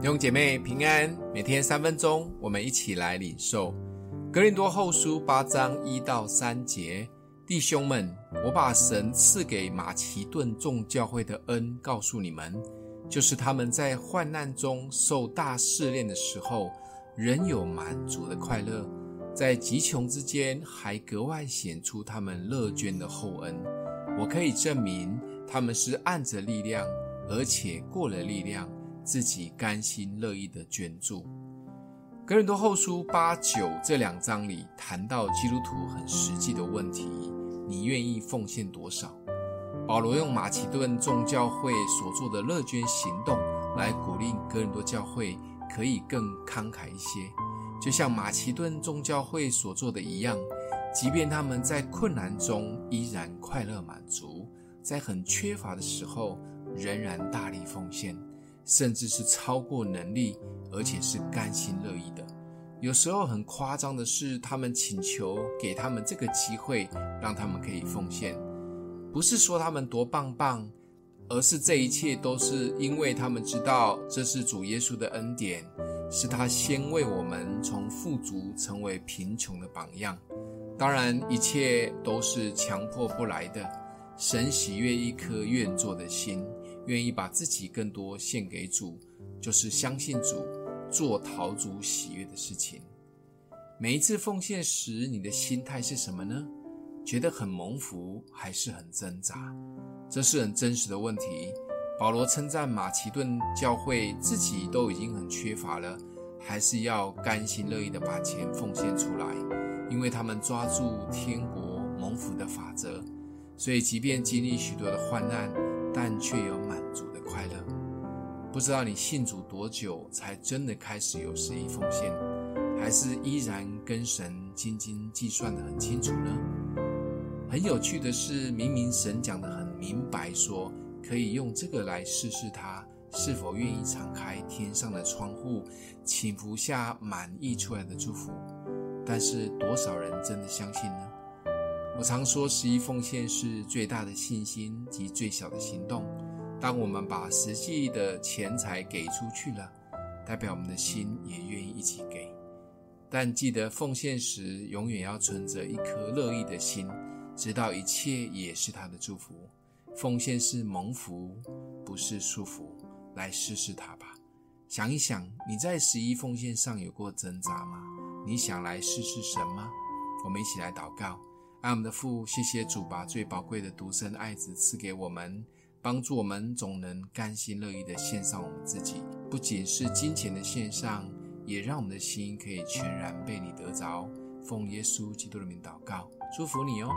弟兄姐妹平安，每天三分鐘，我們一起來領受《哥林多後書》八章一到三節。弟兄們，我把神賜給馬其頓眾教會的恩告訴你們，就是他們在患難中受大試煉的時候，仍有滿足的快樂；在極窮之間，還格外顯出他們樂捐的厚恩。我可以證明，他們是按着力量，而且過了力量。自己甘心樂意的捐助，《哥林多後書》八九這兩章裡談到基督徒很實際的問題：你願意奉獻多少？保羅用馬其頓眾教會所做的樂捐行動，來鼓勵哥林多教會可以更慷慨一些，就像馬其頓眾教會所做的一樣，即便他們在困難中依然快樂滿足，在很缺乏的時候仍然大力奉獻。甚至是超過能力，而且是甘心樂意的。有時候很誇張的是，他們請求給他們這個機會，讓他們可以奉獻。不是說他們多棒棒，而是這一切都是因為他們知道這是主耶穌的恩典，是他先為我們從富足成為貧窮的榜樣。當然，一切都是強迫不來的。神喜悅一顆願做的心。願意把自己更多獻給主，就是相信主，做討主喜悅的事情。每一次奉獻時，你的心態是什麼呢？覺得很蒙福，還是很掙扎？這是很真實的問題。保羅稱讚馬其頓教會，自己都已經很缺乏了，還是要甘心樂意的把錢奉獻出來，因為他們抓住天國蒙福的法則，所以即便經歷許多的患難，但却有。不知道你信主多久，才真的開始有十一奉獻，還是依然跟神斤斤計算得很清楚呢？很有趣的是，明明神講得很明白說，說可以用這個來試試他是否願意敞開天上的窗戶，傾倒下滿溢出來的祝福。但是多少人真的相信呢？我常說，十一奉獻是最大的信心及最小的行動。當我們把實際的錢財給出去了，代表我們的心也願意一起給。但記得奉獻時，永遠要存着一顆樂意的心，知道一切也是他的祝福。奉獻是蒙福，不是束縛。來試試他吧，想一想，你在十一奉獻上有過掙扎嗎？你想來試試神嗎？我們一起來禱告。愛我們的父，謝謝主，把最寶貴的獨生愛子賜給我們。幫助我們總能甘心樂意的獻上我們自己，不僅是金錢的獻上，也讓我們的心可以全然被你得着。奉耶穌基督的名禱告，祝福你哦。